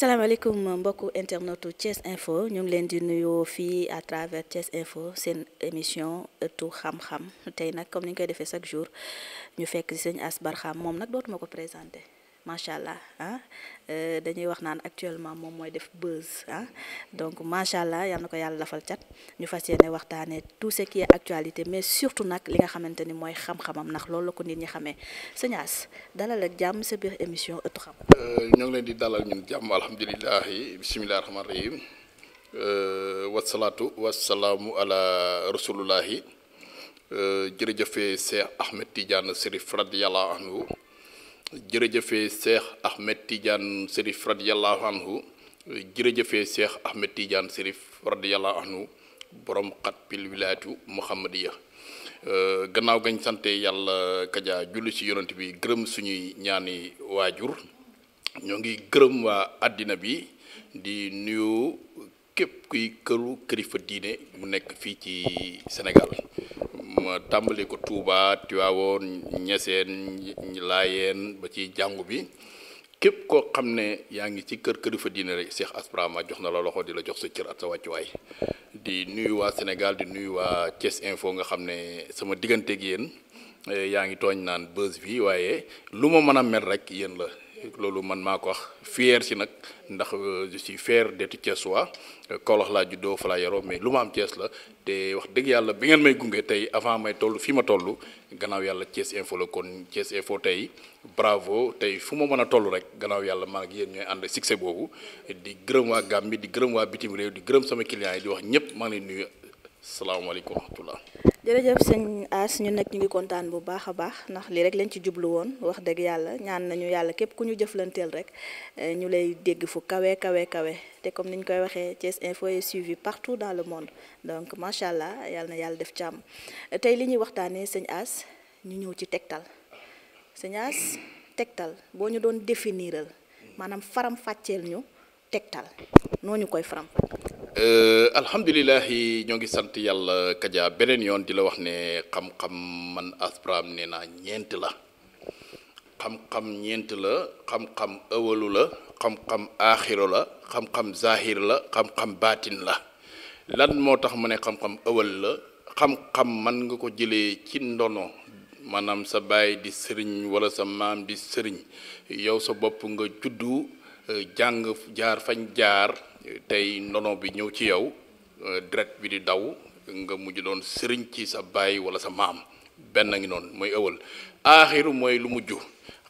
asalaamaaleykum mbokku internetu Thiès Info ñu ngi leen di nuyoo fii à travers Thiès Info seen émission ëttu xam-xam tey nag comme ni ñu koy defee chaque jour ñu fekk si sëñ Ass moom nag dootuma ko présenter macha allah ah euh, dañuy wax naan actuellement moom mooy def buzz ah donc macha allah yal na ko yàlla lafal cat ñu fas yéene waxtaanee tout ce qui actualité mais surtout nag li nga xamante ni mooy xam-xamam ndax loolu la ko nit ñi xamee sëñ As dalal ak jàmm sa biir émission ëttu xam. Euh, ñoo ngi leen di dalal ñun jàmm alhamdulilah bisimilah rahmaani rahim euh, wasalaatu wasalaamu ala rasulullahi jërëjëf Cheikh Ahmed Tidiane Serif radiyallahu anhu jërëjëfee Cheikh Ahmed Tidiane Serif radiyallahu anhu jërëjëfee Cheikh Ahmed Tidiane Serif radiyallahu anhu borom xat pil wilaayatu muhammadiya euh, gannaaw gañ sante yàlla kaja julli ci yonent bi gërëm suñuy ñaani waajur ñoo ngi gërëm waa àddina bi di nuyu képp kuy këru kilifa diine mu nekk fii ci Sénégal ma tàmbali ko Touba Tivaouane Niassène Laayeen ba ci jàngu bi képp koo xam ne yaa ngi ci kër kilifa diine rek Cheikh Asprama jox na la loxo di la jox sa cër ak sa wàccuwaay di nuyu waa Sénégal di nuyu waa Thiès Info nga xam ne sama digganteeg yéen eh, yaa ngi tooñ naan buzz bi waaye lu ma mën a mel rek yéen la. loolu man maa ko wax fier si nag ndax si euh, je suis fier d'être Thiessois Kaolack laa juddoo fa laa yaroo mais lu ma am Thiès la te wax dëgg yàlla bi ngeen may gunge tey avant may toll fi ma toll gannaaw yàlla Thiès Info la kon Thiès Info tey bravo tey fu ma mën a toll rek gannaaw yàlla maa ngi yéen ñooy ànd succès boobu di gërëm waa bi di gërëm waa bitim réew di gërëm sama clients yi di wax ñëpp maa ngi leen nuyu. salaamaaleykum wa rahmatulah. jërëjëf sëñ As ñu nag ñu ngi kontaan bu baax a baax ndax lii rek lañ ci jublu woon wax dëgg yàlla ñaan nañu yàlla képp ku ñu jëflanteel rek eh, ñu lay dégg fu kawe kawe kawe te comme ni ñu koy waxee Thiès Info est suivi partout dans le monde donc macha allah yàlla na yàlla def jàmm tey li ñuy waxtaanee sëñ As ñu ñëw ci tegtal sëñ As tegtal boo ñu doon définiral maanaam faram fàcceel ñu tegtal noo ñu koy faram. Euh, alhamdulilahi ñoo ngi sant yàlla Kaja beneen yoon di la wax ne xam-xam man aspraam nee naa ñeent la xam-xam ñeent la xam-xam ëwalu la xam-xam aaxiro la xam-xam zahir la xam-xam baatin la lan moo tax mu ne xam-xam ëwal la xam-xam man nga ko jëlee ci ndono maanaam sa baay di sëriñ walla sa maam di sëriñ yow sa bopp nga juddu euh, jàng jaar fañ jaar tey ndono bi ñëw ci yow euh, direct bi di daw nga mujj doon sëriñ ci sa baay wala sa maam benn ngi noonu mooy ëwal aaxiru mooy lu mujj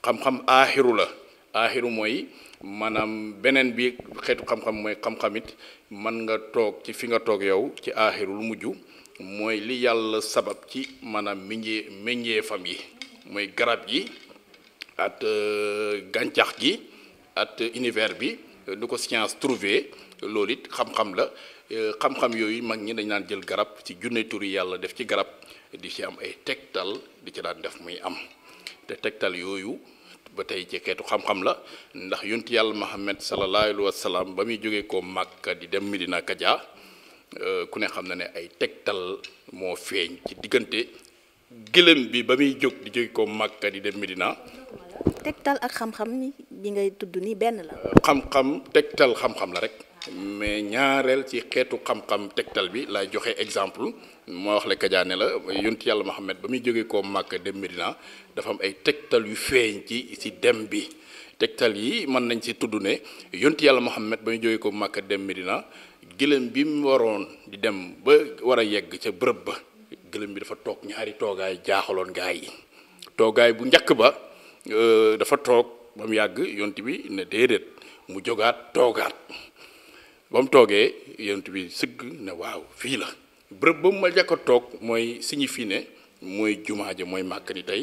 xam-xam aaxiru la aaxiru mooy maanaam beneen bi xeetu xam-xam mooy xam-xamit mën nga toog ci fi nga toog yow ci aaxiru lu mujj mooy li yàlla sabab ci maanaam meññee fam yi mooy garab yi at euh, gàncax gi at univers bi du euh, ko science trouvé loolu it xam-xam la euh, xam-xam yooyu mag ñi dañ naan jël garab ci junne turi yàlla def ci garab di ci am ay tegtal di ci daan def muy am te tegtal yooyu ba tey ci xeetu xam-xam la ndax yonent yàlla Muhammad sallallahu alayhi salaam ba muy jógee ko Màkka di dem Medina Kaja euh, ku ne xam na ne ay tegtal moo feeñ ci diggante gëlëm bi ba muy jóg di jóge ko Màkka di dem Medina. tegtal ak xam-xam yi ngay tudd nii benn la. xam-xam tegtal xam-xam la rek. mais ñaareel ci xeetu xam-xam tegtal bi laay joxe exemple moo wax la kajaane la yonent yàlla Muhammad ba muy jógee koo Màkka dem Medina dafa am ay tegtal yu feeñ ci ci dem bi tegtal yi mën nañ ci tudd ne yonent yàlla Muhammad ba muy jógee koo Màkka dem Medina gëlëm bi mu waroon di dem ba war a yegg ca bërëb ba gëlëm bi dafa toog ñaari toogaay jaaxaloon gaa yi toogaay bu njëkk ba. Euh, dafa toog ba mu yàgg yont bi ne déedéet mu jógaat toogaat ba mu toogee yont bi sëgg ne waaw fii la bërëb ba mu ma jàkka toog mooy signifie ne mooy jumaa ja mooy màkk di tey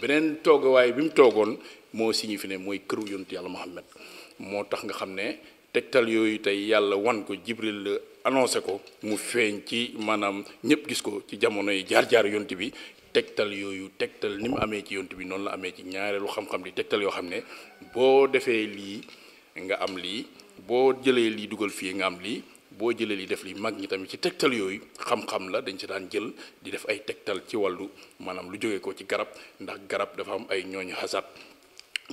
beneen toogawaay bi mu toogoon moo signifie ne mooy këru yont yàlla Muhammad moo tax nga xam ne tegtal yooyu tey yàlla wan ko Jibril annoncé ko mu feeñ ci maanaam ñëpp gis ko ci jamono yi jaar-jaar yont bi tegtal yooyu tegtal ni mu amee ci yont bi noonu la amee ci ñaareelu xam-xam di tegtal yoo xam ne boo defee lii nga am lii boo jëlee lii dugal fii nga am lii boo jëlee lii def li mag ñi tamit ci tegtal yooyu xam-xam la dañ ci daan jël di def ay tegtal ci wàllu maanaam lu jógee ko ci garab ndax garab dafa am ay ñooñu xasat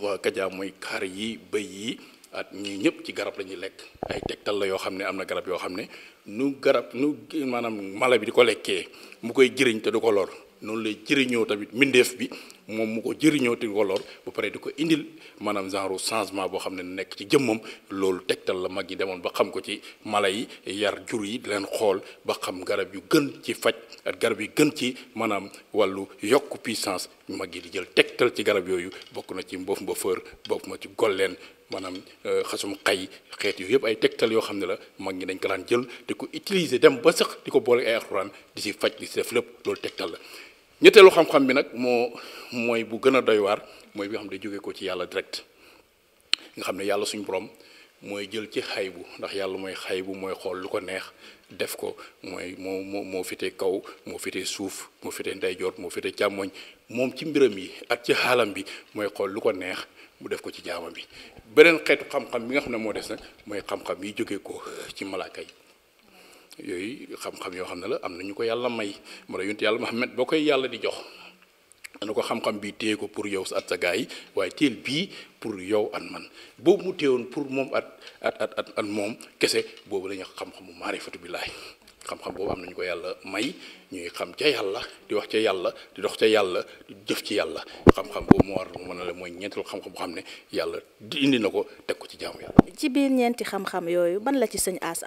waa kajaa mooy xar yi bëy yi at ñii ñëpp ci garab la ñuy lekk ay tegtal la yoo xam ne am na garab yoo xam ne nu garab nu maanaam mala bi di ko lekkee mu koy jëriñ te du ko lor noonu lay jëriñoo tamit mbindeef bi moom mu ko jëriñoo ti woloor ba pare di ko indil maanaam genre changement boo xam ne nekk ci jëmmam loolu tegtal la mag ñi demoon ba xam ko ci mala yi yar jur yi di leen xool ba xam garab yu gën ci faj ak garab yu gën ci maanaam wàllu yokk puissance mag yi di jël tegtal ci garab yooyu bokk na ci mboof mbëfër bokk ma ci golleen maanaam euh, xasum xay xeet yooyu yëpp ay tegtal yoo xam ne la mag ñi dañ ko daan jël di ko utiliser dem ba sax di ko boole ay alxuraan di si faj di si def tegtal la ñetteelu xam-xam bi nag moo mooy bu gën a doy waar mooy bi nga xam ne jógee ko ci yàlla direct nga xam ne yàlla suñu borom mooy jël ci xaybu ndax yàlla mooy xaybu mooy xool lu ko neex def ko mooy moo moo moo fite kaw moo fite suuf moo fite ndeyjoor moo fite càmmoñ moom ci mbiram yi ak ci xaalam bi mooy xool lu ko neex mu def ko ci jaama bi beneen xeetu xam-xam bi nga xam ne moo des nag mooy xam-xam yi jóge ko ci malaaka yi yooyu xam-xam yoo xam ne la am na ñu ko yàlla may moo tax yonent yàlla Muhammad boo koy yàlla di jox dana ko xam-xam bii téye ko pour yow at sa gars yi waaye téel bii pour yow at man boobu mu téewoon pour moom at at at at moom kese boobu la ñu xam-xamu maarifatu billaahi xam-xam boobu am nañu ko yàlla may ñuy xam ca yàlla di wax ca yàlla di dox ca yàlla di jëf ci yàlla xam-xam boobu moo war mu na la mooy ñeenteelu xam-xam bu xam ne yàlla di indi na ko teg ci jaamu yàlla. ci biir ñeenti xam yooyu ban la ci sëñ As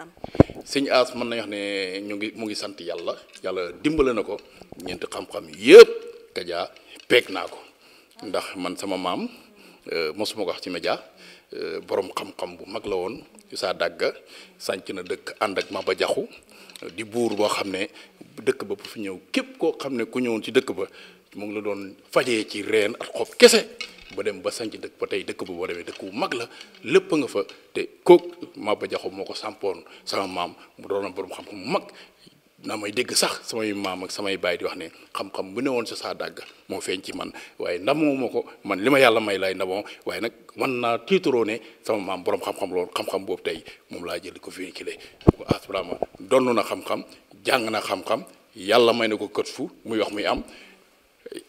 sëñ As mën nañu wax ne ñu ngi mu sant yàlla yàlla dimbale na ko ñeenti xam-xam yëpp kajaa peeg naa ko ndax man sama maam euh, mosuma ko wax ci média euh, borom xam-xam bu mag la woon saa dàgga sanc na dëkk ànd ak ba Jaxu di buur boo xam ne dëkk ba bu fi ñëw képp koo xam ne ku ñëwoon ci dëkk ba mu ngi la doon fajee ci reen ak xob kese ba dem ba sanc dëkk ba tey dëkk ba boo demee dëkk bu mag la lépp nga fa te kook Maba Jaxu moo ko sampoon sama maam mu doon borom xam-xam mu mag naa may dégg sax samay maam ak samay baay di wax ne xam-xam bu ne woon sa saa dàgg moo feeñ ci man waaye ndamoo ma ko man li ma yàlla may laay ndamoo waaye nag man naa tiitaroo ne sama maam boroom xam-xam loolu xam-xam boobu tey moom laa jël ko véhiculé ko Ass Barhama donn na xam-xam jàng na xam-xam yàlla may na ko kët fu muy wax muy am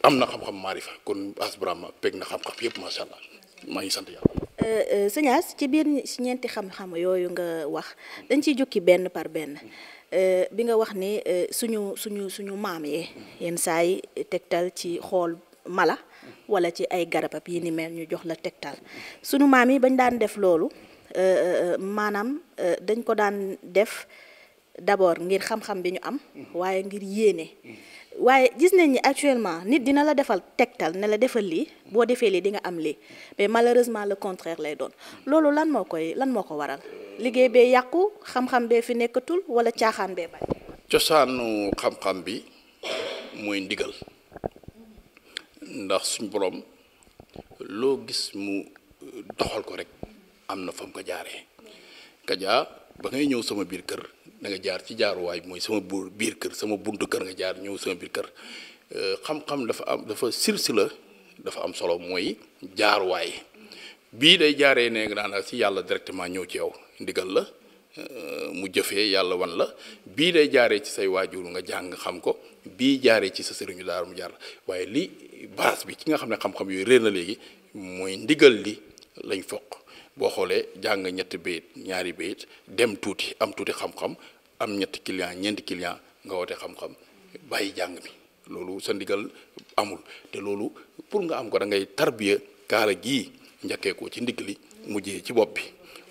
am na xam-xam fa kon Ass Barhama peg na xam-xam yëpp macha allah maa ngi sant yàlla. Euh, euh, sëñ Ass ci biir ñeenti xam-xam yooyu nga wax dañ ciy jukki benn par benn. Euh, bi nga wax ni euh, suñu suñu suñu maam yi yenn saay tegtal ci xool mala wala ci ay garabab yi ni mel ñu jox la tegtal suñu maam yi bañ daan def loolu euh, maanaam dañ ko daan def d'abord ngir xam-xam bi ñu am mm-hmm. waaye ngir yéene mm-hmm. waaye gis nañ ni actuellement nit dina la defal tegtal ne la defal lii boo defee lii di nga am li mais malheureusement le contraire lay doon loolu lan moo koy lan moo ko waral liggéey bee yàqu xam-xam bee fi nekkatul wala caaxaan bee bari. cosaanu xam-xam bi mooy ndigal ndax suñ borom loo gis mu doxal ko rek am na fa mu ko jaaree kajaa ba ngay ñëw sama biir kër da nga jaar ci jaaruwaay mooy sama bu biir kër sama buntu kër nga jaar ñëw sama biir kër euh, xam-xam dafa am dafa la dafa am solo mooy jaaruwaay bii day jaaree ne nga daanaka si yàlla directement ñëw ci yow ndigal la euh, mu jëfee yàlla wan la bii day jaaree ci say waajur nga jàng xam ko bii jaaree ci sa sëriñu daar mu jaar waaye li base bi ci nga xam ne xam-xam yooyu réer na léegi mooy ndigal li lañ foq. boo xoolee jàng ñetti bayit ñaari bayit dem tuuti am tuuti xam-xam am ñetti client ñeenti client nga woote xam-xam bàyyi jàng mi loolu sa ndigal amul te loolu pour nga am ko dangay ngay tarbiya kaara gii njëkkee ko ci ndigli mujjee ci bopp bi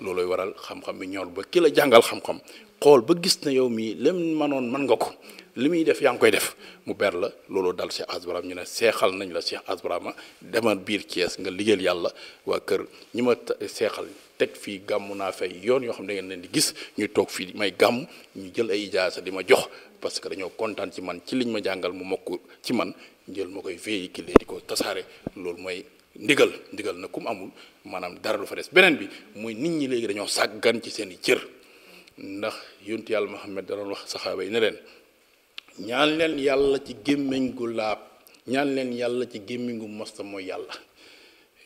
looloy waral xam-xam bi ñor ba kil a jàngal xam-xam xool ba gis na yow mii lim manoon man nga ko li muy def yaa ngi koy def mu ber la loolu dal Cheikh Ass Barham ñu ne seexal nañ la Cheikh Ass Barham demal biir Thiès nga liggéeyal yàlla waa kër ñi ma seexal teg fii gàmm naa fay yoon yoo xam ne da ngeen leen di gis ñu toog fii may gàmm ñu jël ay ijaasa di ma jox parce que dañoo kontaan ci man ci liñ ma jàngal mu mokk ci man njël ma koy véhiculer di ko tasaare loolu mooy ndigal ndigal na kum amul maanaam dara lu fa beneen bi mooy nit ñi léegi dañoo sàggan ci seen i cër ndax yonti yàlla Muhammad danoon wax saxaaba yi ne leen ñaan leen yàlla ci gémmiñ gu laab ñaan leen yàlla ci gémmiñ gu masta mooy yàlla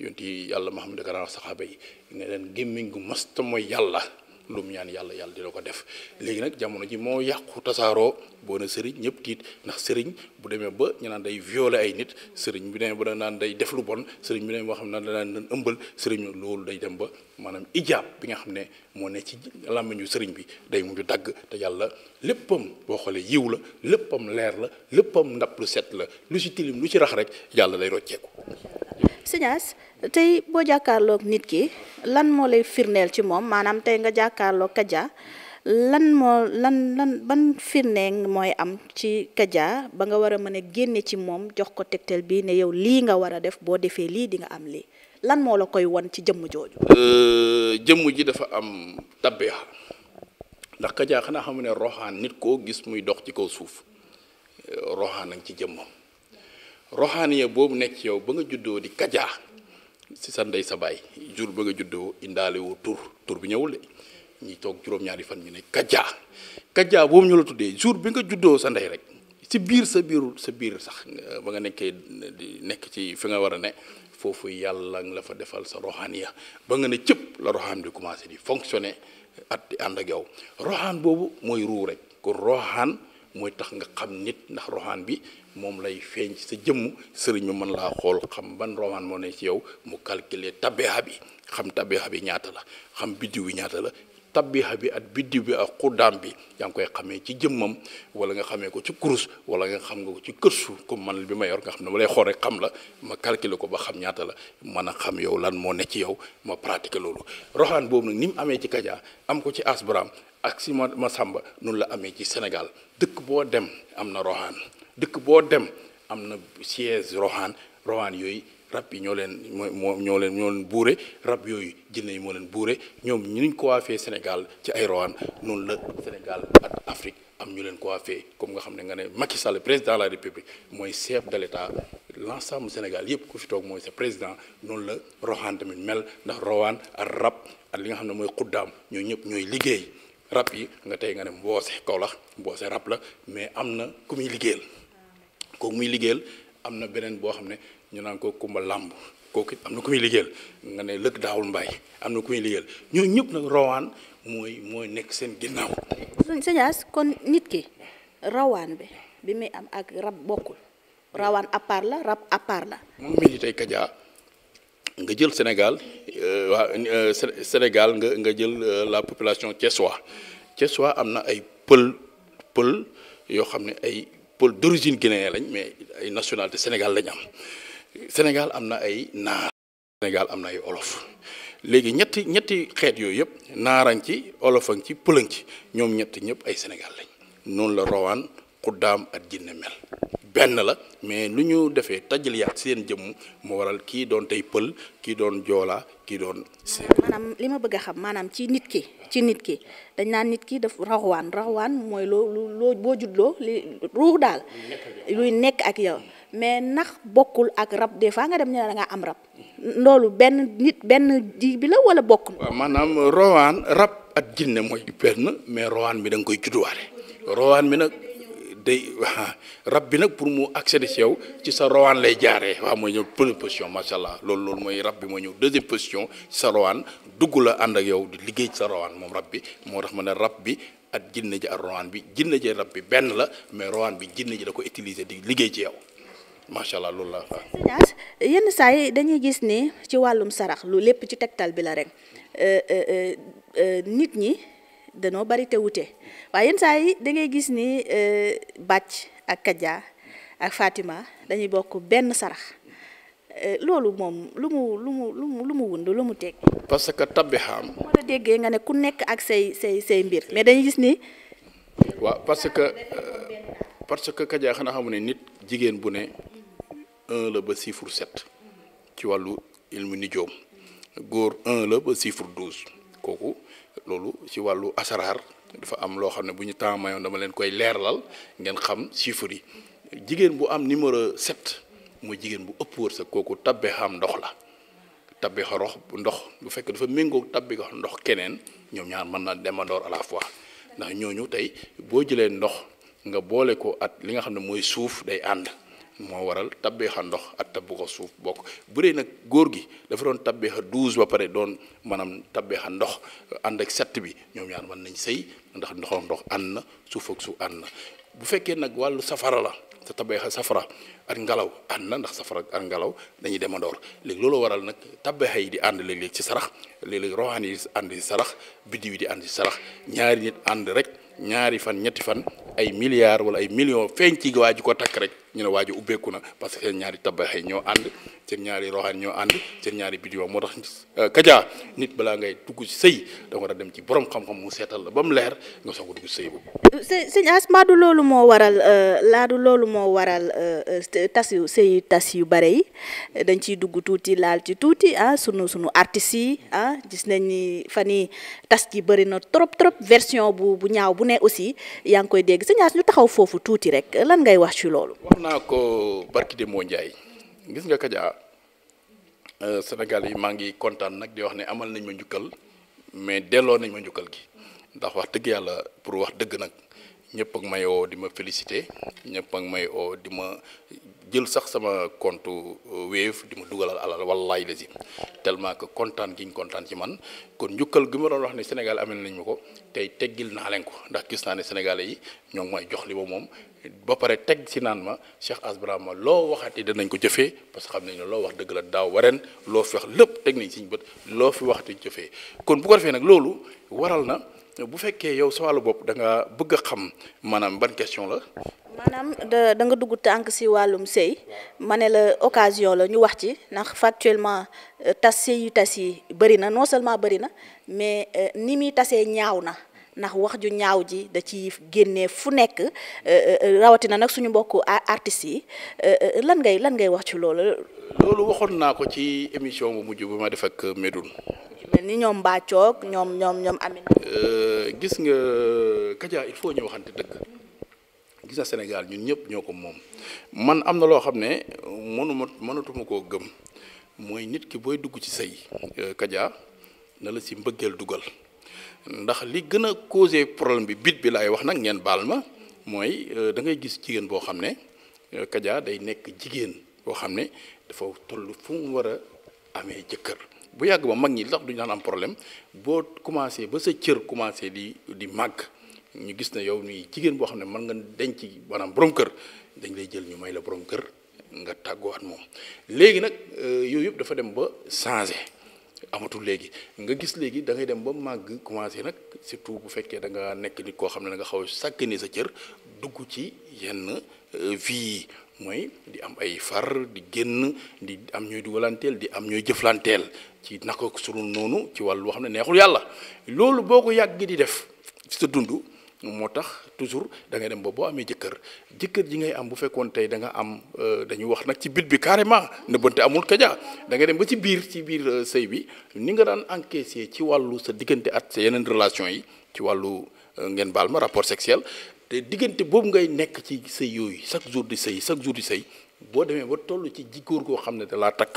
yonti yàlla Muhammad dana wax saxaaba yi ne leen gémmiñ gu masta mooy yàlla lu mu ñaan yàlla yàlla dina ko def léegi nag jamono ji moo yàqu tasaaroo boo ne sëriñ ñëpp tiit ndax sëriñ bu demee ba ñu naan day violer ay nit sëriñ bi demee ba naan day def bon sëriñ bi demee boo xam ne naan danaan ëmbal sëriñ loolu day dem ba maanaam ijaab bi nga xam ne moo ne ci làmmiñu sëriñ bi day mujj dagg te yàlla léppam boo xoolee yiw la léppam leer la léppam ndab lu set la lu ci tilim lu ci rax rek yàlla lay rocceeku. sëñ As tey boo jàkkaarlook nit ki lan moo lay firndeel ci moom maanaam tey nga jàkkaarloog Kaja lan moo lan lan ban firnde mooy am ci kajaa ba nga war a mën a génne ci moom jox ko tegtal bii ne yow lii nga war a def boo defee lii di nga am lii. lan moo la koy wan ci jëmm jooju. Euh, jëmm ji dafa am tabbeex ndax kajaa xanaa xam ne roxaan nit koo gis muy dox ci kaw suuf euh, roxaan nañ ci jëmmam roxaan ya boobu nekk ci yow ba nga juddoo di kajaa si sa ndey sa baay jur ba nga juddoo indaale woo tur tur bi ñëwul de ñuy toog juróom-ñaari fan ñu ne kajaa kajaa boobu ñu la tuddee jur bi nga juddoo sa ndey rek si biir sa biiru sa biir sax ba nga nekkee nekk ci fi nga war a ne foofu yàlla nga la fa defal sa roxaan ya ba nga ne cëpp la roxaan bi commencé di fonctionner at di ànd ak yow roxaan boobu mooy ruu rek kon roxaan mooy tax nga xam nit ndax roxaan bi moom lay feeñ ci sa jëmm sëriñ bi mën laa xool xam ban roxaan moo ne ci yow mu calculer tabeexa bi xam tabeexa bi ñaata la xam biddiw bi ñaata la tabbiha bi at biddiw bi ak xuddaam bi yaa ngi koy xamee ci jëmmam wala nga xamee ko ci kurus wala nga xam nga ko ci kërsu comme man bi ma yor nga xam ne ma lay xool rek xam la ma calculer ko ba xam ñaata la man a xam yow lan moo ne ci yow ma pratiquer loolu roxaan boobu nag ni mu amee ci kajaa am ko ci Asbram ak si ma ma sàmba noonu la amee ci Sénégal dëkk boo dem am na roxaan dëkk boo dem am na siège roxaan roxaan yooyu rab yi ñoo leen moo ñoo leen ñoo leen buure rab yooyu jinne yi moo leen buure ñoom ñu nuñ ko waafee Sénégal ci ay rawaan noonu la Sénégal ak Afrique am ñu leen ko waafee comme nga xam ne nga ne Macky Sall président de la République mooy chef de l'État l'ensemble Sénégal yëpp ku fi toog mooy sa président noonu la roxaan tamit mel ndax rawaan ak rab ak li nga xam ne mooy xuddaam ñoo ñëpp ñooy liggéey rab yi nga tey nga ne mboose Kaolack mboose rab la mais am na ku muy liggéeyal ah, muy liggéeyal am na beneen boo xam ne ñu naan ko Kumba Làmb kooku am na ku muy liggéeyal nga ne lëkk daawul mbaay am na ku muy liggéeyal ñëpp nag rawaan mooy mooy nekk seen ginnaaw. sëñ As kon nit ki rawaan bi am ak rab bokkul rawaan à la rab à part nga jël Sénégal euh, waa euh, nga nga jël euh, la population thiessois thiessois am na ay pël pël yoo xam ne ay pël d'origine guinéenne lañ mais ay nationalité Sénégal lañ am. Sénégal am na ay naar Sénégal am na ay olof léegi ñetti ñetti xeet yooyu yëpp naarañ ci olofan ci pëlëng ci ñoom ñetti ñëpp ay Sénégal lañ noonu la rawaan xuddaam ak jinne mel benn la mais lu ñu defee tajaliyaat seen jëmm mu waral kii doon tey pël kii doon joolaa kii doon maanaam li ma bëgg a xam maanaam ci nit ki ci nit ki dañ naan nit ki daf rawaan rawaan mooy loo loo boo juddoo li ruux daal luy nekk ak yow mais ndax bokkul ak rab des fois nga dem ñu ne da am rab loolu benn nit benn ji bi la wala bokkul. maanaam rawaan rab ak jinne mooy benn mais rawaan bi da nga koy judduwaale rawaan bi nag day rab bi pour mu accéder ci ci sa rawaan lay jaaree waaw mooy ñëw première position macha allah loolu loolu mooy rab bi ñëw deuxième position ci dugg la ànd ak yow di liggéey sa rawaan moom rab bi moo tax ma ne rab bi. ak jinne ji ak rawaan bi jinne ji rab bi benn la mais rowaan bi jinne ji da ko utiliser di liggéey ci yow macha allah loolu la. yenn saa yi dañuy gis ni ci wàllum sarax lu lépp ci tegtal bi la rek euh, euh, euh, nit ñi danoo bari te wute waaye yenn saa yi dangay gis ni bàcc ak Kaja ak Fatima dañuy bokk benn sarax loolu moom lu mu lu mu lu mu wund lu mu teg. parce que tabixaam. moo la déggee nga ne ku nekk ak say say say mbir mais dañuy gis ni. waaw parce que parce que Kaja xanaa xamu ne nit jigéen bu ne. la ba chiffre sept ci wàllu ilmu nijoom góor un la ba chiffre douze kooku loolu ci wàllu asaraar dafa am loo xam ne bu ñu temps dama leen koy leerlal ngeen xam chiffre yi jigéen bu am numéro sept mooy jigéen bu ëpp wërsëg kooku tabbe xam ndox la tabbi xorox bu ndox bu fekk dafa méngoo tabbi ko ndox keneen ñoom ñaar mën naa demandoor à la fois ndax ñooñu tey boo jëlee ndox nga boole ko at li nga xam ne mooy suuf day ànd moo waral tabbeexa ndox ak tabbeexa suuf bokk bu dee nag góor gi dafa doon tabbeexa douze ba pare doon maanaam tabbeexa ndox ànd ak sett bi ñoom ñaar mën nañ sëy ndax ndoxam ndox ànd na suuf ak suuf ànd na bu fekkee nag wàllu safara la sa tabbeexa safara ak ngelaw ànd na ndax safara ak ngelaw dañuy demandoor léegi loolu waral nag tabbeexa yi di ànd léeg-léeg ci sarax léeg-léeg roxaan yi ànd sarax biddiw yi di ànd ci sarax ñaari nit ànd rek ñaari fan ñetti fan ay milliards wala ay millions feeñ ci waa ji ko takk rek ñu ne waa ji ubbeeku na parce que seen ñaari tabaxee ñoo ànd seen ñaari ñoo ñaari bidiyo moo tax euh, kajaa nit balaa ngay dugg ci sëy da war a dem ci borom xam-xam mu seetal la ba mu leer nga soog a dugg ci sëy boobu. së loolu moo waral euh, laa loolu moo waral euh, tas yu sëy tas yu bare yi dañ ciy dugg tuuti laal ci tuuti ah sunu sunu artistes yi ah gis nañ ni fan yi tas ji bëri na trop trop version bu bu ñaaw bu ne aussi yaa ngi koy dégg sëñ As ñu taxaw foofu tuuti rek lan ngay wax ci loolu. naa ko barki de moo Ndiaye gis nga Kaja euh, Sénégal yi maa ngi kontaan nag di wax ne amal nañ ma njukkal mais delloo nañ ma njukkal gi ndax wax dëgg yàlla pour wax dëgg nag. ñëpp ak may oo di ma félicité ñëpp ak may oo di ma jël sax sama compte euh, Wave di ma dugalal alal wallaay la si tellement que kontaan gi ñu kontaan ci man kon njukkal gi ma wax ne Sénégal amel nañ ma ko tey teggil naa leen ko ndax gis naa ne sénégalais yi ñoo ngi may jox li ba moom ba pare teg si naan ma Cheikh Ass Barhama loo waxati danañ ko jëfe parce que xam nañ ne loo wax dëgg la daaw waren loo fi wax lépp teg nañ siñ bët loo fi waxati jëfee kon bu ko defee nag loolu waral na. bu fekkee yow sa wàllu bopp danga nga bëgg xam maanaam ban question la. maanaam da da nga dugg tànk si wàllum sëy ma ne la occasion la ñu wax ci ndax factuellement euh, tas sëy yu tas yi bëri na non seulement bëri na mais euh, ni muy tasee ñaaw na ndax wax ju ñaaw ji da ci génnee fu nekk euh, rawatina nag suñu mbokku artistes yi lan ngay lan ngay wax ci loolu. loolu waxoon naa ko ci émission bu mujj bu ma def ak Medoune mel ni ñoom Mbaccoog ñoom ñoom ñoom Amina. Euh, gis nga kajaa il faut ñu waxante dëkk gis na Sénégal ñun ñëpp ñoo ko moom man am na loo xam ne mënuma mënatuma koo gëm mooy nit ki booy dugg ci sëy euh, Kaja na la si mbëggeel dugal ndax li gën a causé problème bi bit bi lay wax nag ngeen baal ma mooy euh, da ngay gis jigéen boo xam ne kajaa day nekk jigéen boo xam ne dafa toll fu mu war a amee jëkkër bu yàgg ba mag ñi sax du ñu daan am problème boo commencé ba sa cër commencé di di màgg ñu gis ne yow nii jigéen boo xam ne man nga denc maanaam boroom kër dañ lay jël ñu may la borom kër nga tàggoo at moom léegi nag euh, yooyu yëpp dafa dem ba changé amatu léegi nga gis léegi da ngay dem ba màgg commencé nag surtout bu fekkee da nga nekk nit koo xam ne da nga xaw a sàkkane sa cër dugg ci yenn euh, vie mooy di am ay far di génn di am ñooy dugalanteel di am ñooy jëflanteel ci naka sunu noonu ci wàllu loo xam ne neexul yàlla loolu boo ko yàgg di def ci sa dund moo tax toujours da ngay dem ba boo amee jëkkër jëkkër ji ngay am bu fekkoon tey da nga am euh, dañu wax nag ci bit bi carrément nëbbante amul kaja da dem ba ci biir ci biir euh, sëy bi ni nga daan encaissé ci wàllu sa diggante at sa yeneen relation yi ci wàllu euh, ngeen baal ma rapport sexuel te diggante boobu ngay nekk ci sëy yooyu chaque jour di sëy chaque jour di sëy boo demee ba toll ci jigóor koo xam ne da laa takk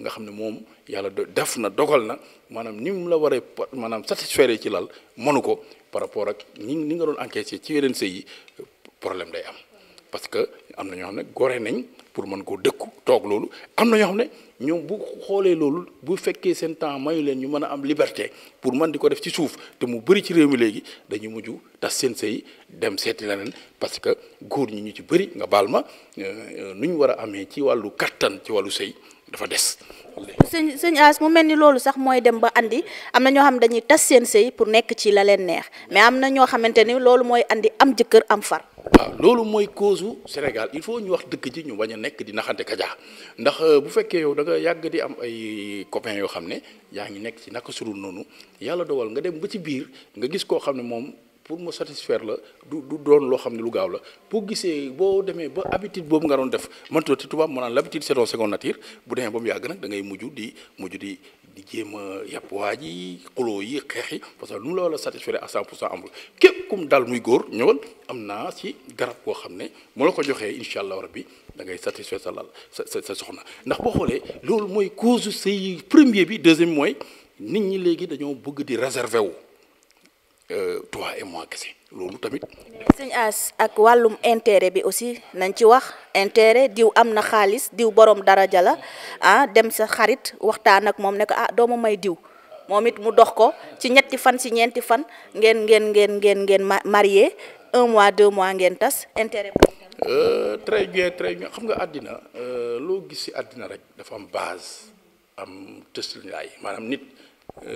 nga xam ne moom yàlla def na dogal na maanaam ni mu la waree maanaam satisfaire ci lal mënu ko par rapport ak ni ni nga doon encaissé ci weneen sëy yi problème day am parce que am na ñoo xam ne gore nañ pour mën koo dëkku toog loolu am na ñoo xam ne ñoom bu xoolee loolu bu fekkee seen temps mayu leen ñu mën a am liberté pour mën di ko def ci suuf te mu bëri ci réew mi léegi dañu mujj tas seen sëy dem seeti leneen parce que góor ñi ñu ci bëri nga baal ma euh, euh, nu ñu war a amee ci wàllu kattan ci wàllu sëy dafa des. sëñ sëñ As mu mel ni loolu sax mooy dem ba andi am na ñoo xam dañuy tas seen sëy pour nekk ci la leen neex mais am na ñoo xamante ni loolu mooy andi am jëkkër am far. waaw loolu mooy cause u Sénégal il faut ñu wax dëkk ji ñu bañ a nekk di naxante kajaa ndax euh, bu fekkee yow da nga yàgg di am ay copains yoo xam ne yaa ngi nekk ci naka surul noonu yàlla dogal nga dem ba ci biir nga gis koo xam ne moom pour ma satisfaire la du du doon loo xam ne lu gaaw la boo gisee boo demee ba habitude boobu nga doon def man tuuti tubaab ma naan l'habitude c'est ton seconde natire bu demee ba mu yàgg nag da ngay mujj di mujj di di jéem a yàpp waa ji xuloo yi xeex yi parce que lu mu la war a satisfaire à 100 pour cent amul képp kum daal muy góor ñëwal am naa si garab koo xam ne mu la ko joxee incha allah rabbi da ngay satisfaire sa lal sa sa soxna ndax boo xoolee loolu mooy cause sëy premier bi deuxième mooy nit ñi léegi dañoo bëgg di réserver wu. Euh, toi et moi ak wàllum intérêt bi aussi nañ ci wax intérêt diw am na xaalis diw borom daraja la ah dem sa xarit waxtaan ak moom ne ah dooma may diw moom it mu dox ko ci ñetti fan ci ñeenti fan ngeen ngeen ngeen ngeen ngeen marié un mois deux mois ngeen tas intérêt boobu. Euh, très bien xam nga àddina euh, loo gis ci àddina rek dafa am base am tësluwaay maanaam nit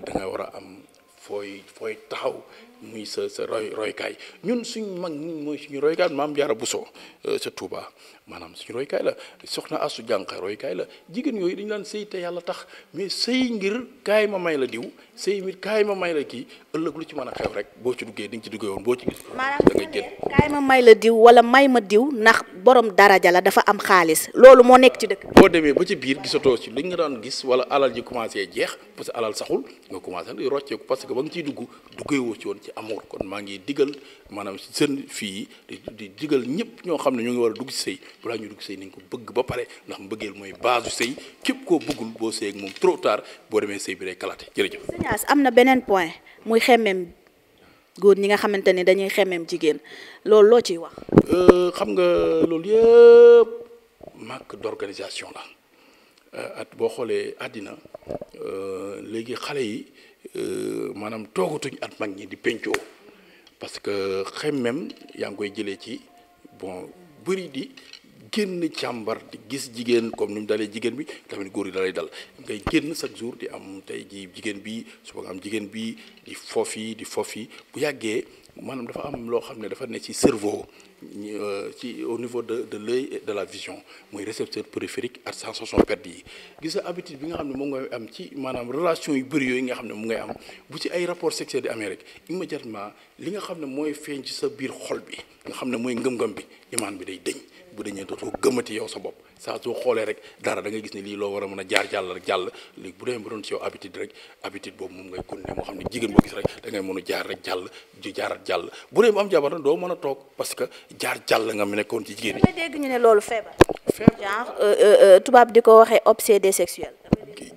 da nga war a am fooy fooy taxaw. muy sa sa roy roykaay ñun suñ mag ñi mooy suñu roykaay maam jaara Buso euh, sa Touba maanaam suñu roykaay la soxna asu jànq roykaay la jigéen yooyu dañu daan sëy te yàlla tax mais sëy ngir kaay ma may la diw sëy mi kaay ma may la kii ëllëg lu ci mën a xew rek boo ci duggee di ci duggee woon boo ci may la diw wala may ma diw ndax borom daraja la dafa am xaalis loolu moo nekk ci dëkk boo demee ba ci biir gisatoo ci li nga daan gis wala alal ji commencé jeex parce que alal saxul nga commencé di rocceeku parce que ba nga ciy dugg duggee ci woon ci amour kon maa ngi digal maanaam seen fii di digal ñëpp ñoo xam ne ñu ngi war a dugg ci sëy balaa ñu dugg nañ ko bëgg ba pare ndax mbëggeel mooy base sëy képp koo bëggul boo sëy moom trop boo demee sëy bi day kalaate jërëjëf. sëñ am na beneen point muy xemmeem góor ñi nga xamante ne dañuy xemmeem jigéen loolu loo ciy wax. Euh, xam nga loolu yëpp manque d'organisation la euh, at boo xoolee àddina euh, léegi xale yi maanaam toogatuñ at mag ñi di pencoo parce que xemmeem yaa ngi koy jëlee ci bon bëri di. génn càmbar di gis jigéen comme ni mu dalee jigéen bi tamit góor yi dalay dal ngay génn chaque jour di am tey ji jigéen bi suba nga am jigéen bi di foof yi di foof bu yàggee maanaam dafa am loo xam ne dafa ne ci cerveau euh, ci au niveau de de l'œil et de la vision mooy récepteur périphérique ak sensation perte yi gis nga habitude bi nga xam ne moom ngay am ci maanaam relation yu bëri yooyu nga xam ne mu ngay am bu ci ay rapport sexuel di amee rek immédiatement li nga xam ne mooy feeñ ci sa biir xol bi nga xam ne mooy ngëm bi imaan bi day dëñ bu dañee dootoo gëmati yow sa bopp saa soo xoolee rek dara da nga gis ne lii loo war a mën a jaar jàll rek jàll léegi bu demee ba doon si yow habitude rek habitude boobu moom ngay continuer moo xam ne jigéen boo gis rek da mën a jaar rek jàll ju jaarat jàll bu dee bu am jabar doo mën a toog parce que jaar jàll nga mu nekkoon ci jigéen ñi. dégg ñu ne loolu feebar. feebar euh, euh, euh, tubaab di ko waxee obsédé sexuel.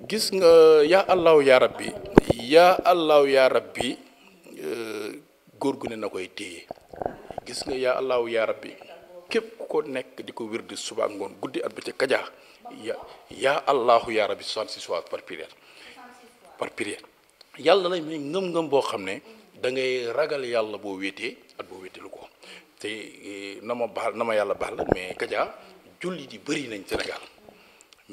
gis nga yaa allahu yaa rabbi yaa allahu yaa rabbi góor gu ne na koy téye gis nga yaa allahu yaa rabbi képp ku ko nekk di ko wér di suba ngoon guddi at ba ca kaja ya yaa allahu yaa rabbi si fois par prière par prière yàlla lay may ngëm-ngëm boo xam ne da ngay ragal yàlla boo wéetee at boo wéetee lu ko te e, na ma baal na ma yàlla baal mais kaja jullit yi bëri nañ Sénégal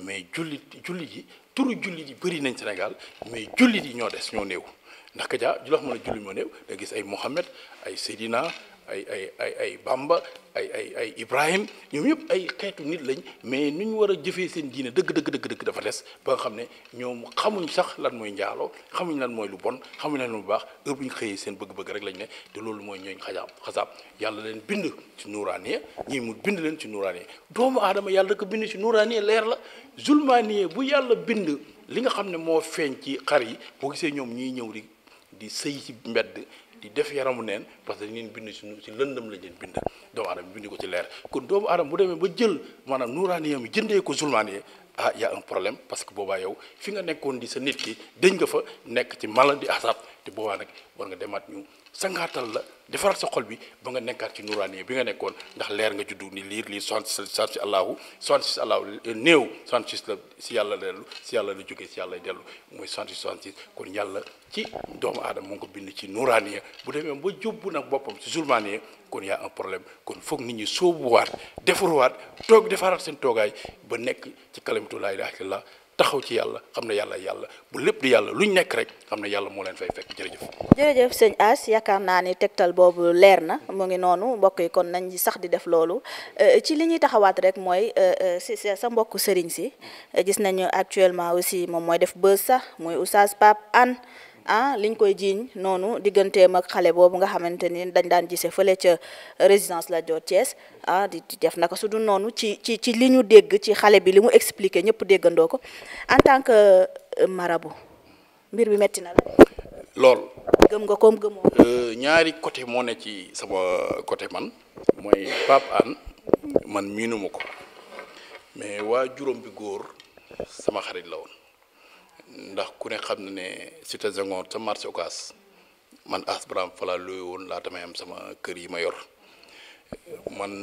mais jullit jullit yi turu jullit yi bëri nañ Sénégal mais jullit yi ñoo des ñoo néew ndax kaja ju la xam ne moo néew da gis ay Mohamed ay Seydina ay ay ay ay Bamba ay ay ay Ibrahim ñoom ñëpp ay xeetu nit lañ mais nu ñu war a jëfee seen diine dëgg dëgg dëgg dëgg dafa des ba nga xam ne ñoom xamuñ sax lan mooy njaaloo xamuñ lan mooy lu bon xamuñ lan lu baax heure bu ñu xëyee seen bëgg-bëgg rek lañ ne te loolu mooy ñooñ xasaab xasaab yàlla leen bind ci nuuraaniya ñii mu bind leen ci nuuraaniya doomu aadama yàlla ko bind ci nuuraaniya leer la zulmaaniya bu yàlla bind li nga xam ne moo feeñ ci xar yi boo gisee ñoom ñuy ñëw di di sëy mbedd di def yaramu neen parce que dañ leen bind si si lëndëm lañ leen bind doomu aadama bind ko ci leer kon doomu aadama bu demee ba jël maanaam nuuraaniyam yi jëndee ko zulmaaniye ah y a un problème parce que boobaa yow fi nga nekkoon di sa nit ki dañ nga fa nekk ci mala di asab te boobaa nag war nga demaat ñu sangaatal la defaral sa xol bi ba nga nekkaat ci nuraaniya bi nga nekkoon ndax leer nga juddu ni liir lii soixante-six soixante si allahu soixante eh, néew soixante-six si yàlla la dellu si yàlla la jógee si yàlla lay dellu mooy soixante-six soixante-six kon yàlla ci doomu aadama moo ngi ko bind ci nuraaniya bu demee ba jubbu nag boppam si zulmaaniya kon y a problème kon foog nit ñi soobuwaat defaruwaat toog defaraat seen toogaay ba nekk ci kalimatu laa ilaaha illallaah taxaw ci yàlla xam na yàlla yàlla bu lépp di yàlla luñ nekk rek xam ne yàlla moo leen fay fekk jërëjëf. jërëjëf sëñ As yaakaar naa ni tegtal boobu leer na mu ngi noonu mbokk yi kon nañ sax di def loolu euh, ci li ñuy taxawaat rek mooy euh, euh, si sa mbokk sëriñ si gis nañu actuellement aussi moom mooy def bës sax mooy Oustaz Pape Hann ah liñ koy jiiñ noonu digganteem ak xale boobu nga xamante ni dañ daan jise fële ca résidence la Dior Thiès ah di def naka su dul noonu ci ci ci li ñu dégg ci xale bi li mu expliqué ñëpp déggandoo ko en tant que euh, marabout mbir bi metti na la. lool. gëm nga koom gëmoo. Euh, ñaari côté moo ne ci sama côté man mooy Pape Hann man miinuma ko mais waa juróom bi góor sama xarit la woon. ndax ku ne xam na ne cité Senghor sa marché Ocass man asbram fala looyu woon laa tamay am sama kër yi ma yor man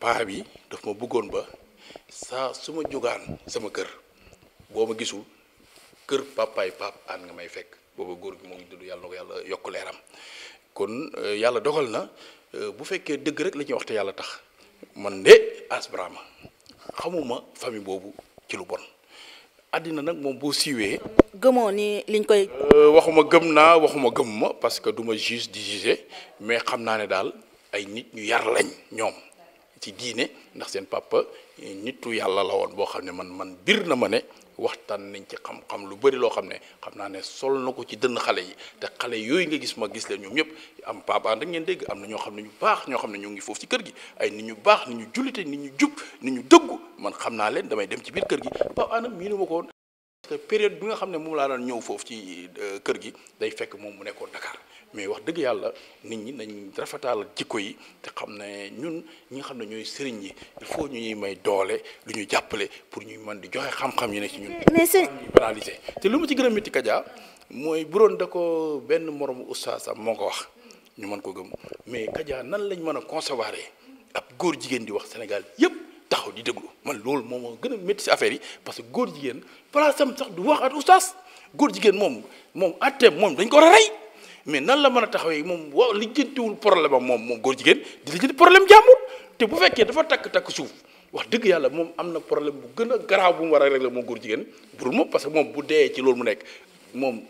paa bi daf ma bëggoon ba saa su ma jógaan sama kër boo ma gisul kër papaay pap aan nga may fekk booba góor gi moo ngi dund yàlla na ko yàlla yokk leeram kon euh, yàlla dogal na euh, bu fekkee dëgg rek la ñuy wax te yàlla tax man de asbrama xamuma famille boobu ci lu bon àddina nag moom boo siiwee. gëmoo ni liñ koy. Euh, waxuma gëm naa waxuma gëm parce que duma ma di juger mais xam naa ne daal ay nit ñu yar lañ ñoom ci diine ndax seen papa nittu yàlla la woon boo xam ne man man bir na ma ne. waxtaan nañ ci xam-xam lu bari loo xam ne xam naa ne sol na ko ci dënn xale yi te xale yooyu nga gis ma gis leen ñoom ñëpp am pabaan rek ngeen dégg am na ñoo xam ne ñu baax ñoo xam ne ñu ngi foofu ci kër gi ay nit ñu baax nit ñu jullite nit ñu jub nit ñu dëggu man xam naa leen damay dem ci biir kër gi pabaan miinu ma ko woon période bi nga xam ne moom laa daan ñëw foofu ci euh, kër gi day fekk moom mu nekkoon Dakar mais wax dëgg yàlla nit ñi nañ rafetaal jikko yi te xam ne ñun ñi xam ne ñooy sëriñ yi foo ñu ñuy may doole lu ñu jàppale pour ñuy mën di joxe xam-xam yi ne ci ñun. mais te lu ma ci gën a métti Kaja mooy bu da ko benn moromu oustaz am moo ko wax ñu mën ko gëm mais Kaja nan lañ mën a conserver ab góor jigéen di wax Sénégal yëpp. taxaw di déglu man loolu moom moo gën a métti si affaire yi parce que góor jigéen palaasam sax du wax at oustaz góor jigéen moom moom atteem moom dañ ko war mais nan la mën a taxawee moom wa lijjantiwul problème am moom moom góor jigéen di lijjanti problème jàmbur te bu fekkee dafa takk-takk suuf wax dëgg yàlla moom am na problème bu gën a garaaw bu mu war a régler moom góor jigéen burul moom parce que moom bu dee ci loolu mu nekk moom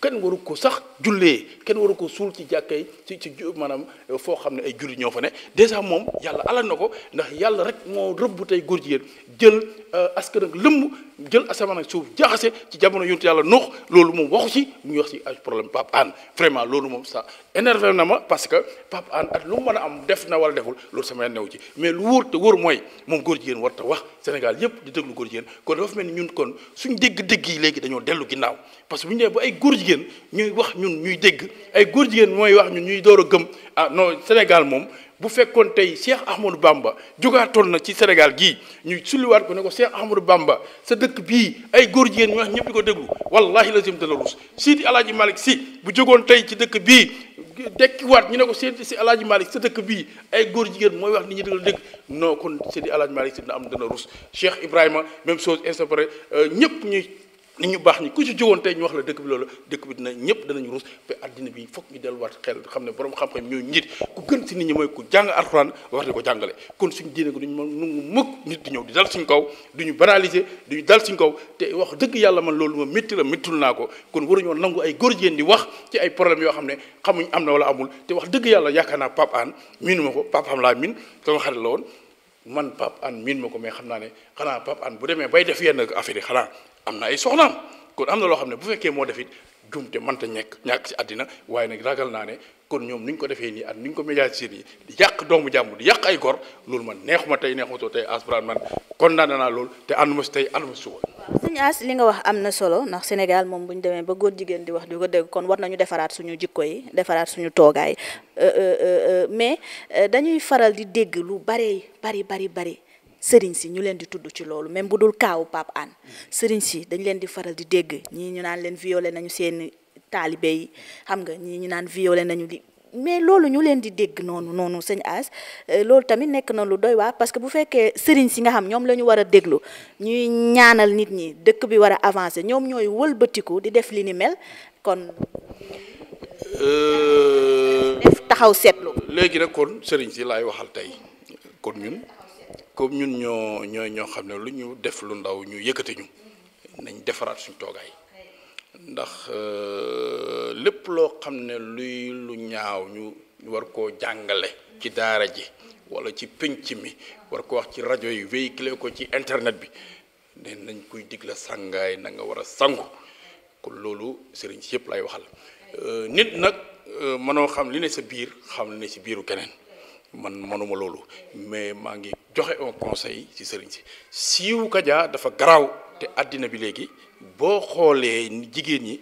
kenn waru ko sax jullee kenn waru ko suul ci jàkkay ci ci maanaam euh, foo xam ne ay julli ñoo fa ne dèjà moom yàlla alal na ko ndax yàlla rek moo rëbb tey góor jigéen jël Euh, askan ak lëmm jël asamaan ak suuf jaxase ci jamono yontu yàlla noox loolu moom waxu ci mu ngi wax ci ay problème Pape Hann vraiment loolu moom ça énervé na ma parce que Pape Hann at lu mu mën a am def na wala deful loolu sama new newu ci mais lu wóor te wóor mooy moom góor jigéen war ta wax Sénégal yëpp di déglu góor jigéen kon dafa mel ni ñun kon suñ dégg-dégg yi léegi dañoo dellu ginnaaw parce que bu ñu nee ba ay góor jigéen ñuy wax ñun ñuy dégg ay góor jigéen mooy wax ñun ñuy door a gëm ah Sénégal moom bu fekkoon tey Cheikh Ahmadou Bamba jógaatoon na ci Sénégal gii ñuy sulliwaat ko ne ko Cheikh Ahmadou Bamba sa dëkk bii ay góor jigéen ñu wax ñëpp di ko déglu wallahi lazim dana rus Sidi Alaaji malik Si bu jógoon tey ci dëkk bii waat ñu ne ko Sidi si Alaaji Malick sa dëkk bii ay góor jigéen mooy wax nit ñi dëgg dëkk noo kon Sidi Alaaji Malick Si dina am dana rus Cheikh Ibrahima même chose insta euh, ñëpp ñuy nit ñu baax ñi ku ci jógoon tey ñu wax la dëkk bi loolu dëkk bi dina ñëpp danañu ruus ba àddina bi foog ñu delluwaat xel xam ne borom xam-xam ñooy njiit ku gën ci nit ñi mooy ku jàng alxuraan war di ko jàngale kon suñu diine ko duñu mën mukk nit di ñëw di dal suñu kaw duñu banaliser duñu dal suñu kaw te wax dëgg yàlla man loolu ma métti la méttul naa ko kon waruñoo nangu ay góor jigéen di wax ci ay problème yoo xam ne xamuñ am na wala amul te wax dëgg yàlla yaakaar naa Pape Hann ko Pape Hann laa miin sama xarit la woon man Pape Hann miin ma ko xam naa ne xanaa Pape Hann bu demee bay def yenn affaire yi xanaa am na ay soxnaam kon am na loo xam ne bu fekkee moo def it jumte mënta ñekk ñàkk ci àddina waaye nag ragal naa ne kon ñoom ni ñu ko defee nii at nu ñu ko médiatiser si di yàq doomu jàmbur yàq ay gor loolu man neexuma tey neexutoo tey asbraan man condamné naa loolu te ànduma si tey ànduma si suba suñu as li nga wax am na solo ndax Sénégal moom bu ñu demee ba góor jigéen di wax di ko dégg kon war nañu defaraat suñu jikko yi defaraat suñu toogaay euh, euh, euh, mais dañuy faral di dégg lu bari bari bari bari sëriñ si ñu leen di tudd ci loolu même bu dul kaawu Pape Hann sëriñ si dañ leen di faral di dégg ñii ñu naan leen violé nañu seen taalibe yi xam nga ñii ñu naan violé nañu li mais loolu ñu leen di dégg noonu noonu sëñ As euh, loolu tamit nekk na lu doy waa parce que bu fekkee sëriñ si nga xam ñoom la ñu war a déglu ñuy ñaanal nit ñi dëkk bi war a avancer ñoom ñooy wëlbatiku di def li ni mel kon. Euh, def taxaw seetlu. léegi nag kon sëriñ si laay waxal tey kon ñun. comme ñun ñoo ñoo ñoo xam ne lu ñu def lu ndaw ñu yëkkati nañ defaraat suñ toogaay ndax euh, lépp loo xam ne luy lu ñaaw ñu war koo jàngale ci daara ji wala ci pénc mi war ko wax ci rajo yi véhiculer ko ci internet bi ne nañ koy digle sàngaay na nga war a sangu kon loolu sëriñ si yëpp lay waxal euh, nit nag euh, mënoo xam li ne sa biir xam li ne si biiru keneen man manuma loolu mais maa ngi joxe un conseil ci sëriñ si siiw kajaa dafa garaaw te àddina bi léegi boo xoolee jigéen ñi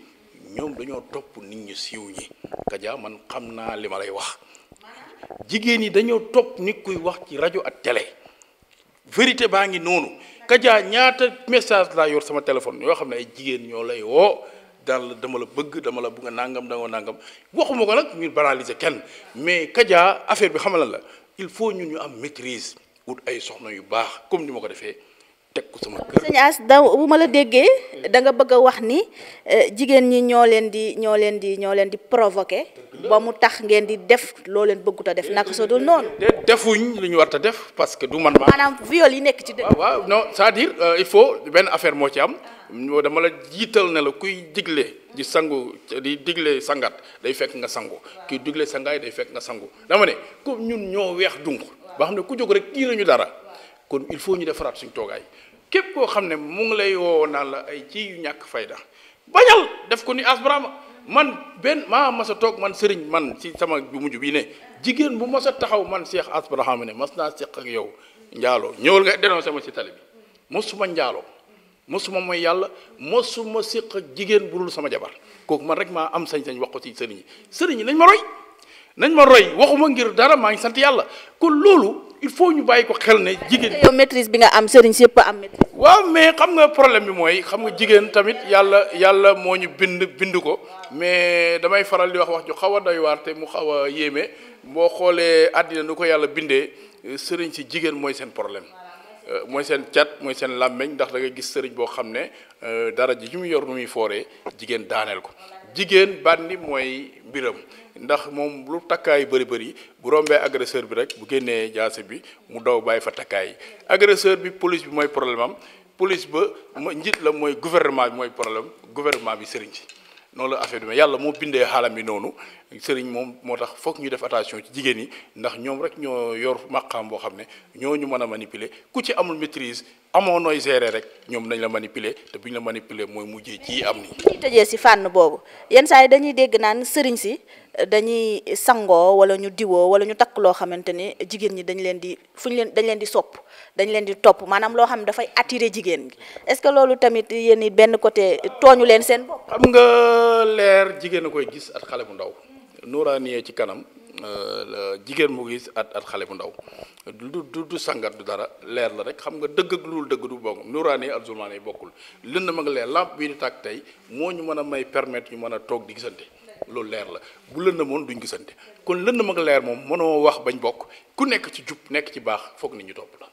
ñoom dañoo topp nit ñu siiw ñi kajaa man xam naa li ma lay wax jigéen ñi dañoo topp nit kuy wax ci rajo ak télé vérité baa ngi noonu kajaa ñaata message laa yor sama téléphone yoo xam ne ay jigéen ñoo lay woo daal dama la bëgg dama la bu nga nangam da nangam waxuma ko nag ñu banaliser kenn mais Kaja affaire bi xamal la il faut ñun ñu am maîtrise wut ay soxna yu baax comme ni ma ko defee. teg ko sama kër. sëñ da bu ma la déggee da nga bëgg a wax ni eh, jigéen ñi ñoo leen di ñoo leen di ñoo leen di provoqué ba mu tax ngeen di def loo leen bëggut a def naka sa dul noonu. defuñ lu ñu war def parce que du man. maanaam viol yi nekk ci dëkk. waaw non cest euh, il faut benn affaire moo ci am. dama la jiital ne la kuy digle di sangu di digle sangat day fekk nga sangu kuy digle sangaay day fekk nga sangu dama ne comme ñun ñoo weex dung ba xam ne ku jóg rek kii lañu dara. kon il faut ñu defaraat suñu toogaay képp koo xam ne mu ngi lay woo naan la ay ci yu ñàkk fayda bañal def ko ni asbrama man benn maa mas a toog man sëriñ man ci sama bu bii ne jigéen bu mas taxaw man Cheikh Asbrahama ne mas naa seq ak yow njaaloo ñëwal nga dénoncé ma ci tali bi mosuma njaaloo mosuma mooy yàlla mosuma seq jigéen bu sama jabar kooku man rek maa am sañ-sañ wax ko ci sëriñ yi sëriñ yi nañ ma roy nañ ma roy waxuma ngir dara maa ngi sant yàlla kon loolu il faut ñu bàyyi ko xel ne jigéen yow maîtrise bi nga am sëriñ si yëpp am maîtrise waaw mais xam nga problème bi mooy xam nga jigéen tamit yàlla yàlla moo ñu bind bind ko mais damay faral di wax wax ju xaw a doy te mu xaw a yéeme boo xoolee àddina nu ko yàlla bindee sëriñ si jigéen mooy seen problème euh, mooy seen cat mooy seen làmmeñ ndax da gis sëriñ boo xam ne euh, dara ji mu yor nu muy fooree jigéen daaneel ko jigéen bànni mooy mbiram ndax moom lu takkaay bëri bëri bu rombee agresseur bi rek bu génnee jaase bi mu daw bàyyi fa takkaay agresseur bi police bi mooy problème am police ba njiit la mooy gouvernement bi mooy problème gouvernement bi sëriñ ci noonu la affaire bi mais yàlla moo bindee xaalam bi noonu sëriñ moom moo tax foog ñu def attention ci jigéen ñi ndax ñoom rek ñoo yor màqaam boo xam ne ñoo ñu mën a manipuler ku ci amul maîtrise amoon nooy gérer rek ñoom nañ la manipuler te bu ñu la manipuler mooy mujjee ci am ni ñuy tëjee si fànn boobu yenn saa dañuy dégg naan sëriñ si dañuy sangoo wala ñu diwoo wala ñu takk loo xamante ni jigéen ñi dañ leen di fu ñu leen dañ leen di sopp dañ leen di topp maanaam loo xam ne dafay attirer jigéen gi est-ce que loolu tamit yéen benn côté tooñu leen seen bopp. xam nga leer jigéen a koy gis ak xale ndaw. nuuraaniyee ci kanam euh, jigéen mu gis at at xale bu ndaw du du du sangat du dara leer la rek xam nga dëgg ak luul dëgg du bokk nuuraaniyee ak zulmaaniyee bokkul lënd ma nga leer làmp bii di tàkk tey moo ñu mën a may permettre ñu mën a toog di gisante loolu leer la bu lënd moon duñ gisante kon lënd mag leer moom mënoo wax bañ bokk ku nekk ci jub nekk ci baax foog nit ñu topp la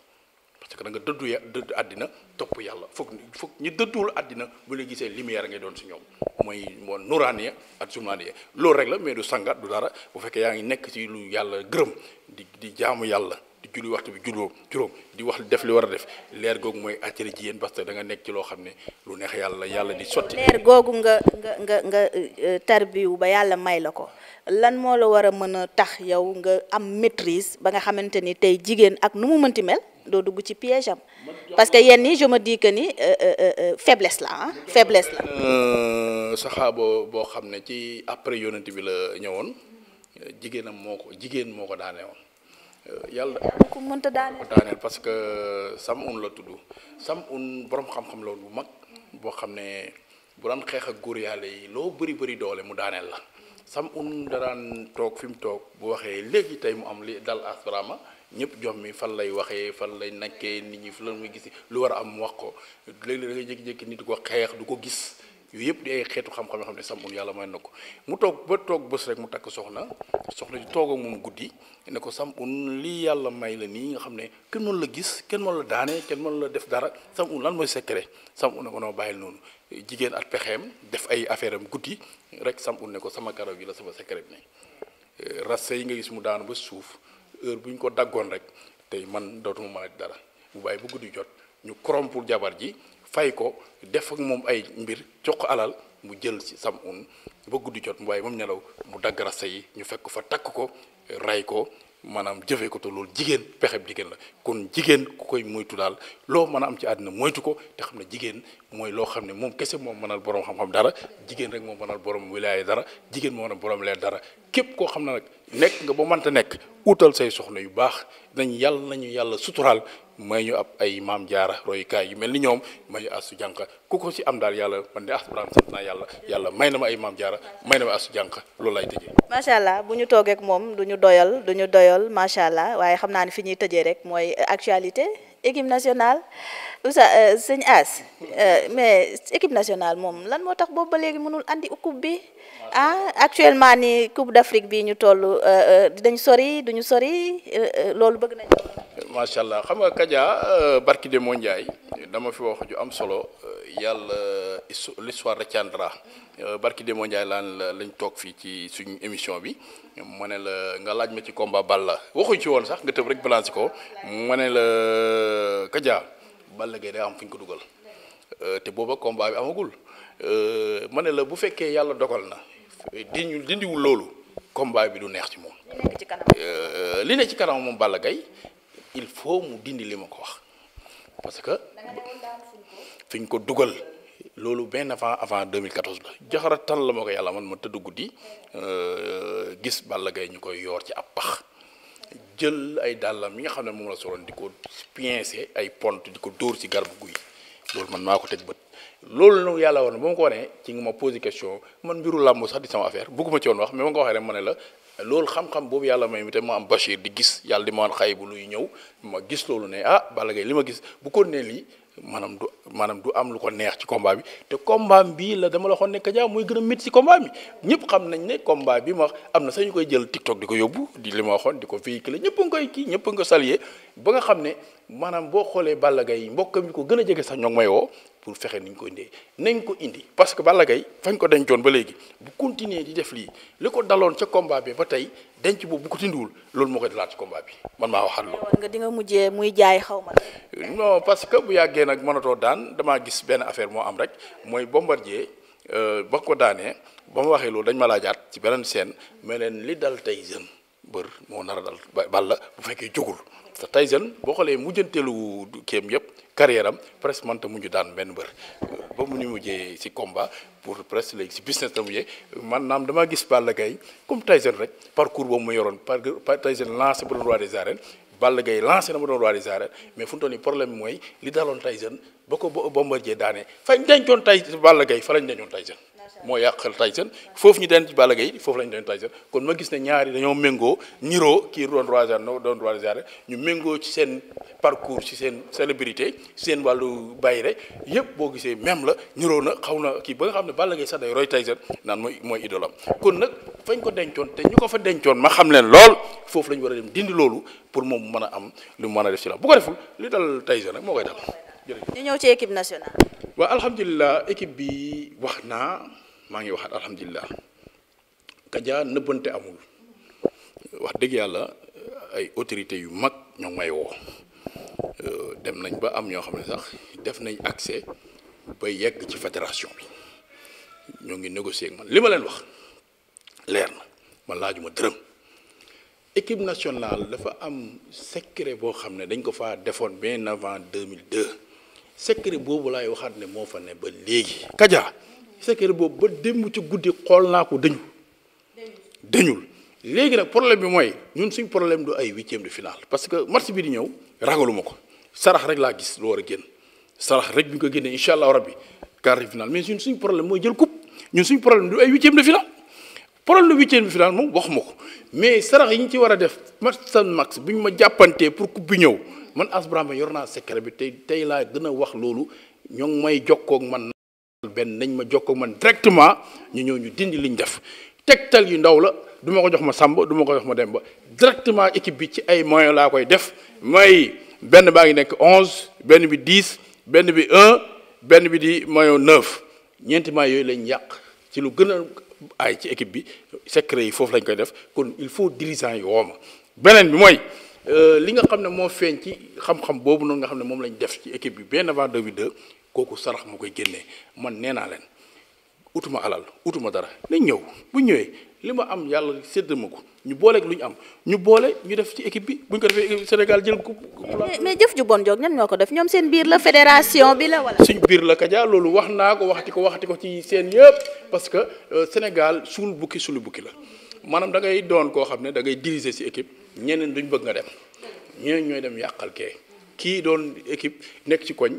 parce que da nga dëddu ya dëdd àddina topp yàlla foog foog ñi dëdduwul àddina bu la gisee lumière ngay doon si ñoom mooy moo nuraaniya ak zulmaaniya loolu rek la mais du sangat du dara bu fekkee yaa ngi nekk ci lu yàlla gërëm di di jaamu yàlla di waxtu bi juróom juróom di wax def li war a def leer googu mooy attiré ji yéen parce que da nga nekk ci loo xam ne lu neex yàlla yàlla di sotti. leer googu nga nga nga nga euh, tarbiwu ba yàlla may la ko lan moo la war a mën a tax yow nga am maîtrise ba nga xamante ni tey jigéen ak nu mu mënti mel. doo dugg ci piège am parce que yenn yi je me dis que ni euh, euh, euh, faiblesse la ah faiblesse la. boo xam ne ci après yonent bi la ñëwoon jigéenam moo ko jigéen moo ko daane woon yàlla ko mënta daaneel parce que sam un la tudd sam un borom xam-xam la woon bu mag boo xam ne bu daan xeex ak góor yàlla yi loo bëri bëri doole mu daaneel la sam un daraan toog fi mu toog bu waxee léegi tey mu am li dal asbrama ñëpp jox mi fan lay waxee fan lay nekkee nit ñi fu lan muy gis lu war a am wax ko léegi léeg da ngay jékki-jékki nit ko xeex du ko gis yooyu yëpp di ay xeetu xam-xam xam ne sàmmul yàlla may na ko mu toog ba toog bés rek mu takk soxna soxna ji toog ak moom guddi ne ko sàmmul lii yàlla may la nii nga xam ne kenn mënu la gis kenn mënu la daane kenn mënu la def dara sàmmul lan mooy secret sàmmul ne na noo bàyyil noonu jigéen at pexeem def ay affaire am guddi rek sàmmul ne ko sama karaw gi la sama secret bi ne rase yi nga gis mu daanu ba suuf heure bu ñu ko daggoon rek tey man dootuma mën a dara bu bàyyi bu guddi jot ñu corrompre jabar ji fay ko def ak moom ay mbir jox alal mu jël ci sam un ba guddi jot mu bàyyi moom nelaw mu dagg rasta yi ñu fekk fa takk ko ray ko maanaam jëfee ko te loolu jigéen pexeb jigéen la kon jigéen ku koy moytu daal loo mën a am ci àddina moytu ko te xam ne jigéen mooy loo xam ne moom kese moom mënal borom xam-xam dara jigéen rek moom mënal borom wilaaya dara jigéen moo mën a borom leer dara képp koo xam ne nag nekk nga ba mënta nekk utal say soxna yu baax nañ yàlla nañu yàlla suturaal may ñu ab ay maam jaara royukaay yu mel ni ñoom may ñu asu jànq ku ko ci am daal yàlla man yàlla yàlla may na ma ay maam jaara may na ma asu jànq loolu lay tëjee macha allah bu ñu toogee moom du ñu doyal du ñu doyal macha allah waaye xam naa ne fi ñuy tëjee rek mooy actualité équipe nationale ousa euh, sëñ As euh, mais équipe nationale moom lan moo tax boobu ba léegi mënul andi coupe bi ah actuellement ni coupe d'Afrique bi ñu toll euh, dañ sori duñu sori loolu bëgg nañ macha allah xam nga Kaja euh, barki de moo dama fi wax ju am solo euh, yàlla l'histoire retiendra euh, barki de moo Ndiaye laan la lañ toog fii ci suñu émission bi ma ne la nga laaj ma ci combat Balla waxuñ ci woon sax nga tëb rek balance ko ma ne la Kaja Balla Gaye day am fu ñu ko dugal te booba combat bi amagul ma ne la bu fekkee yàlla dogal na diñu dindiwul loolu combat bi du neex ci moom. li nekk ci kanam moom Balla Gaye il foo mu dindi li ma ko wax parce que fi ñu ko dugal loolu benn avant avant 2014 la jaxara tan la ma ko yàlla man ma tëdd guddi euh, gis Balla Gaye ñu koy yoor ci ab pax jël ay dàllam yi nga xam ne moom la soloon di ko pincé ay pont di ko dóor ci garbu guy loolu man maa ko teg bët loolu nag yàlla war na ba ma ko wanee ci nga ma posé question man mbiru làmb sax di sama affaire bëgguma ci wax mais nga waxee rek ma ne la loolu xam-xam boobu yàlla may mi te ma am Bachir di gis yàlla di ma wan xay bu luy ñëw ma gis loolu ne ah Balla Gaye li ma gis bu ko nee lii maanaam du maanaam du am lu ko neex ci combat bi te combat bii la dama la xoon nekk Kadia mooy gën a métti ci combat bi ñëpp xam nañ ne combat bi ma am na sax ñu koy jël TikTok di ko yóbbu di li ma waxoon di ko véhiculer ñëpp a ngi koy kii ñëpp nga ngi ko saluer ba nga xam ne maanaam boo xoolee Balla Gaye mbokkam yi ko gën a jege sax ñoom ngi may pour fexe ni ko indee nañ ko indi parce que Balla Gaye fañ ko dencoon ba léegi bu continuer di def lii li ko daloon ca combat bi ba tey denc boobu bu ko tindiwul loolu moo koy dalaat ci combat bi man maa waxaat loolu. nga di nga mujjee muy jaay xaw ma. non parce que bu yàggee nag mënatoo daan damaa gis benn affaire moo am rek mooy bombardier euh, ba ko daanee ba ma waxee loolu dañ ma laajaat ci beneen seen mais leen li dal tey jeune bër moo nar a dal Balla bu fekkee jógul. te Tyson boo xoolee mujjanteelu kéem yëpp carrière am presque mënta mujj daan benn mbër ba mu ñu mujjee si combat pour presque léegi si business la mujjee man naam dama gis Balla Gaye comme Tyson rek parcours boobu mu yoroon par Tyson lancé bu doon roi des arènes Balla Gaye lancé na ma doon roi des arènes mais fu mu toll nii problème bi mooy li daloon Tyson ba ko Bombardier daane fañ dencoon tay Balla Gaye fa lañ dencoon Tyson moo yàqal Tyson foofu ñu denc Balla Gaye foofu lañ denc Tyson kon ma gis ne ñaari dañoo méngoo niroo kii doon roi des arènes doon roi des ñu méngoo ci seen parcours ci seen célébrité seen wàllu bayre yëpp boo gisee même la niroo na xaw na kii ba nga xam ne Balla Gaye sax day roy Tyson naan mooy mooy idolam kon nag fañ ko dencoon te ñu ko fa dencoon ma xam leen lool foofu la ñu war a dem dindi loolu pour moom mën a am lu man a def ci la bu ko deful li dal Tyson nag moo koy dal. jërëjëf ñu ñëw ci équipe nationale. waaw alhamdulilah équipe bi wax naa maa ngi waxaat alhamdulilah kajaar nëbbante amul wax dëgg yàlla ay autorités yu mag ñoo may woo euh, dem nañ ba am ñoo xam ne sax def nañ accès ba yegg ci fédération bi ñoo ngi négocier ak man li ma leen wax leer na man laajuma dërëm. équipe nationale dafa am secret boo xam ne dañ ko faa defoon bien avant 2002 secret boobu laay waxaat ne moo fa ne ba léegi. Kaja secret boobu ba démb ci guddi xool naa ko dañu dañul léegi nag problème bi mooy ñun suñ problème du ay huitième de finale parce que match bi di ñëw ragaluma ko sarax rek laa gis lu war a génn sarax rek bi ñu ko génnee incha allah bi quart de finale mais ñun suñ problème mooy jël coupe ñun suñ problème du ay huitième problème lu huitième bi final moom wax ma ko mais sarax yi ñu ci war a def match san max bi ñu ma jàppantee pour coupe bi ñëw man As Brahma yor naa secret bi tey tey laa gën a wax loolu ñoo ngi may jokkoog man benn nañ ma jokkoog man directement ñu ñëw ñu dindi liñ def tegtal yu ndaw la duma ko jox ma Samba duma ko jox ma dem ba directement équipe bi ci ay moyens laa koy def may benn baa ngi nekk onze benn bi dix benn bi un benn bi di maillot neuf ñeenti maillot yooyu lañ yàq ci lu gën a aay ci équipe bi secret yi foofu lañ koy def kon il faut dirigeant yi wooma beneen bi mooy euh, li nga xam ne moo feeñ ci xam-xam boobu noonu nga xam ne moom lañ def ci équipe bi bien avant 2002 kooku sarax moo koy génnee man nee naa leen utuma alal utuma dara nañ ñëw bu ñëwee li ma am yàlla sédd ma ko ñu booleeg lu ñu am ñu boole ñu def ci équipe bi bu ñu ko defee Sénégal jël ko. mais jëf ju bon joog ñan ñoo ko def ñoom seen biir la fédération bi la wala. suñ biir la Kaja loolu wax naa ko waxati ko waxati ko ci seen yëpp parce que euh, Sénégal suul bukki suulu bukki la maanaam da ngay doon koo xam ne da ngay diriger si équipe ñeneen duñ bëgg nga dem ñeneen ñooy dem yàqal kee kii doon équipe nekk ci koñ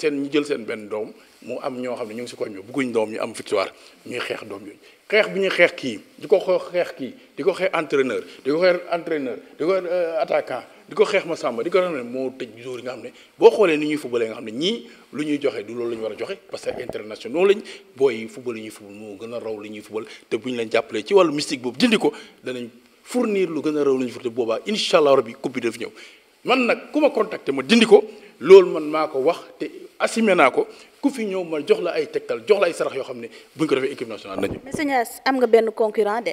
seen ñu jël seen benn doom mu am ñoo xam ne ñu ngi si koñ bi bëgguñ doom ñu am victoire ñuy xeex doom yooyu. xeex bi ñu xeex kii di ko xeex kii di ko xeex entraîneur di ko xeex entraîneur di ko euh, attaquant di ko xeex ma sàmba di ko xam ne moo tëj jour yi nga xam ne boo xoolee ni ñuy fubalee nga xam ne ñii lu ñuy joxe du loolu la war a joxe parce que internationaux lañ booy fubal yi ñuy fubal moo gën a raw li ñuy fubal te bu ñu leen jàppalee ci wàllu mystique boobu dindi ko danañ fournir lu gën a raw li ñuy fubal boobaa incha allah rabi coupe bi daf ñëw man nag ku ma contacté ma dindi ko loolu man maa ko wax te assumé naa ko ku fi ñëw ma jox la ay tegtal jox la ay sarax yoo xam ne bu ñu ko defee équipe nationale nañu. mais am nga benn concurrent de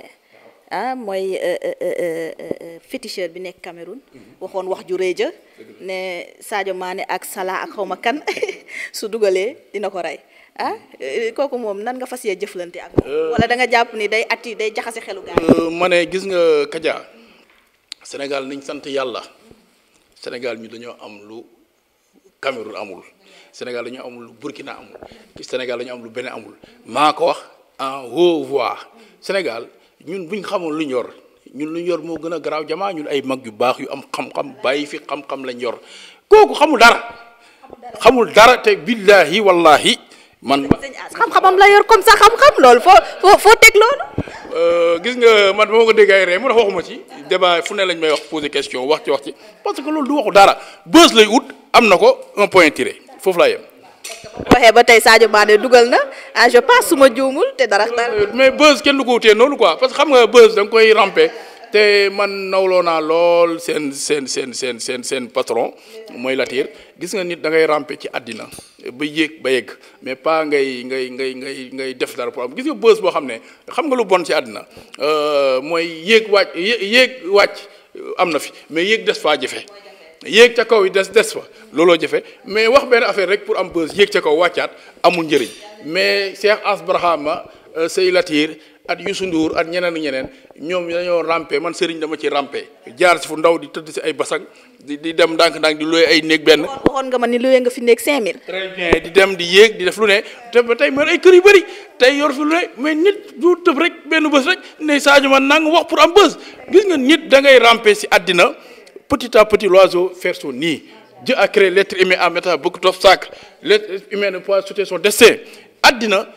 ah mooy euh, euh, euh, féticheur bi nekk Cameroun. Mhm. waxoon wax ju rëy ja ne Sadio maane ak Salah ak xawma kan su dugalee dina ko rey. ah kooku moom nan nga fas yee jëflante ak da nga jàpp ni day atti day jaxase xelu ma ne gis nga Kaja Sénégal nañ sant yàlla Sénégal ñu dañoo am lu Cameroun amul Sénégal dañu amul lu Burkina amul Sénégal dañu am lu benn amul maa ko wax en haute voix Sénégal ñun buñ xamoon lu ñor ñun lu ñor moo gën a garaaw jamaa ñun ay mag yu baax yu am xam-xam bàyyi fi xam-xam lañ yor kooku xamul dara xamul dara te billahi wallahi man xam-xamam la yor comme ça xam-xam loolu foo foo foo teg loolu. Euh, gis nga man ba ma ko déggee ay ree mu tax waxuma ci débat fu ne lañ may wax poser question wax ci wax ci parce que loolu du waxu dara bës lay ut am na ko un point tiré foofu laa yem. waxee ba tey Sadio Mané dugal na ah je pense su ma te dara. Euh, mais bës kenn du ko wutee noonu ko parce que xam nga bës da nga koy ramper. te man nawloo naa lool seen seen seen seen seen seen patron mooy Latir gis nga nit da ngay ramper ci àddina ba yéeg ba yegg mais pas ngay ngay ngay ngay ngay def dara pour am gis nga bës boo xam ne xam nga lu bon ci àddina euh, mooy yéeg wàcc yéeg wàcc euh, am na fi mais yéeg des faa jafe yéeg ca kaw yi des des fa looloo jafe mais wax benn affaire rek pour am bës yéeg ca kaw wàccaat amul njëriñ mais Cheikh As Barhama euh, Sey Latir at Youssou Ndour at ñeneen ñeneen ñoom dañoo rampe man sëriñ dama ci rampe jaar si fu ndaw di tëdd si ay basang di di dem ndànk-ndànk di looy ay néeg benn. waxoon nga ma ni looy nga fi néeg 5000. di dem di yéeg di def lu ne te ba tey man ay kër yu bëri tey yor fi lu ne mais nit du tëb rek benn bés rek ne Sadio man nang wax pour am bës gis nga nit da ngay ramper si àddina petit à l'oiseau faire son nid Dieu a créé l'être humain en mettant beaucoup d'obstacles l'être humain ne peut pas sauter son destin àddina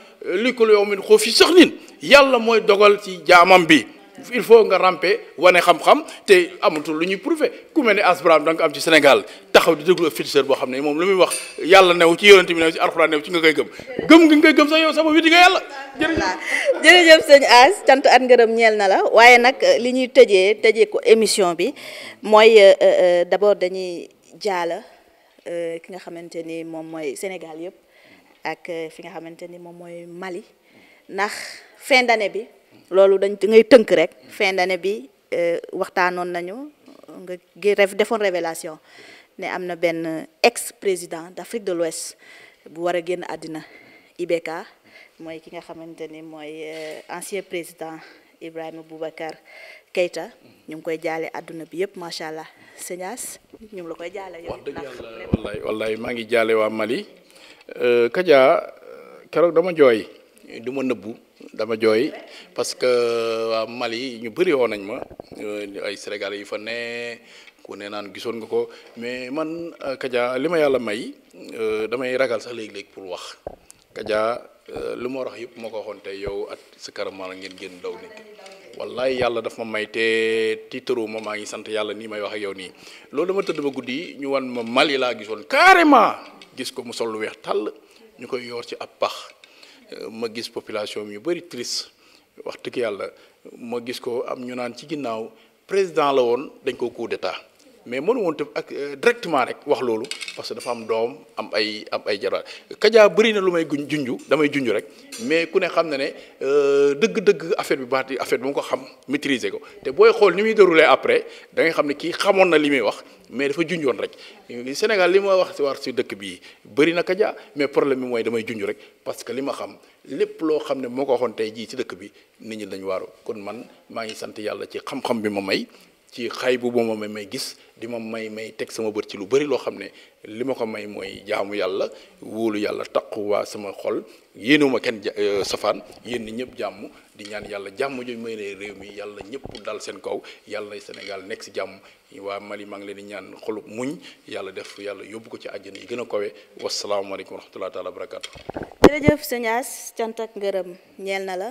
li ko la yow mii xoo fi soxnin yàlla mooy dogal ci jaamam bi. il faut nga ramper wane xam-xam te amatul lu ñuy prouver ku mel ne asbraam da nga am ci Sénégal taxaw di déglu féticheur boo xam ne moom lu muy wax yàlla new ci yonent bi new ci alxuraan new ci nga koy gëm gëm nga gëm sax yow sama witi nga yàlla jërëjëf jërëjëf sëñ As at ngërëm ñeel na la waaye nag euh, li ñuy tëjee tëjee ko émission bi mooy euh, euh, d'abord dañuy jaala ki nga xamante ni moom mooy Sénégal yëpp ak fi nga xamante ni moom mooy Mali ndax fin d'année bi loolu dañ ngay tënk rek fin d'année bi euh, waxtaanoon nañu nga gi defoon révélation ne am na benn ex président d'Afrique de l'Ouest bu war a génn àddina IBK mooy ki nga xamante ni mooy euh, ancien président Ibrahima Boubacar Keïta ñu ngi koy jaale àdduna bi yëpp macha allah sëñ As ñu ngi la koy jaale. wax dëgg yàlla maa ngi jaale waa Mali. Euh, Kaja keroog dama jooy du nëbbu. dama jooy parce que waa Mali ñu bëri woon nañ ma euh, ay Sénégalais yu fa ne ku ne naan gisoon nga ko mais man euh, kajaa li ma yàlla may euh, damay ragal sax léegi-léegi pour wax kajaa lu ma wax yëpp moo ko waxoon tey yow at sa karama ngeen génn daw nekk wallaay yàlla dafa ma may te tiitaru ma maa ngi sant yàlla nii may wax ak yow nii loolu dama tëdd ba guddi ñu wan ma Mali laa gisoon carrément gis ko mu sol lu weex tàll ñu koy yor ci ab pax. ma gis population bi ñu bëri triste wax dëgg yàlla ma gis ko am ñu naan ci ginnaaw président la woon dañ ko coup d'état mais mënu woon ak euh, directement rek wax loolu parce que dafa am doom am ay am ay jaraat Kaja bëri na lu may guñ junju damay junju rek mais ku ne xam ne ne euh, dëgg-dëgg affaire bi baati affaire bi mu ko xam maîtriser ko te booy xool ni muy déroulé après da nga xam ne kii xamoon na li muy wax mais dafa junjoon rek Sénégal li ma wax si war si dëkk bi bëri na kaja mais problème bi mooy damay junj rek parce que li ma xam lépp loo xam ne moo ko waxoon tey jii si dëkk bi nit ñi dañu waaru kon man maa ngi sant yàlla ci xam-xam bi ma may ci xay bu ma may may gis di ma may may teg sama bët ci lu bëri loo xam ne li ma ko may mooy jaamu yàlla wóolu yàlla taqu waa sama xol yéenuma kenn euh, safaan yéen ñi ñëpp jàmm di ñaan yàlla jàmm jooju may ne réew mi yàlla ñëpp dal seen kaw yàlla Sénégal nekk si jàmm waa Mali maa ngi leen di ñaan xolub muñ yàlla def yàlla yóbbu ko ci àjjana yi gën a kawe wasalaamaaleykum wa rahmatulah taala wa barakaatu. jërëjëf sëñ As ak ngërëm ñeel na la.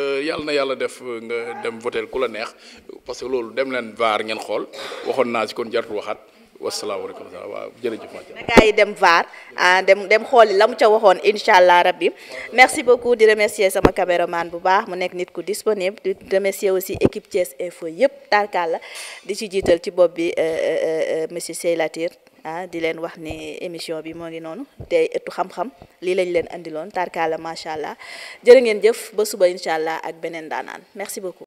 yàlla na yàlla def euh, nga dem voter ku la neex parce que loolu dem leen vaar ngeen xool waxoon naa si kon jartul waxaat wasalaamaaleykum waaw jërëjëf na gaa yi dem vaar ah, dem dem xooli la mu ca waxoon incha allah rabbi merci beaucoup di remercier sama caméraman bu baax mu nekk nit ku disponible di remercier aussi équipe Thiès Info yëpp tarkal la di ci jiital ci bopp bi euh, euh, monsieur Seylatir ah di leen wax ni émission bi moo ngi noonu tey ëttu xam-xam lii lañ leen andiloon tarkaala macha allah jërë ngeen jëf ba suba incha allah ak beneen daanaan merci beaucoup.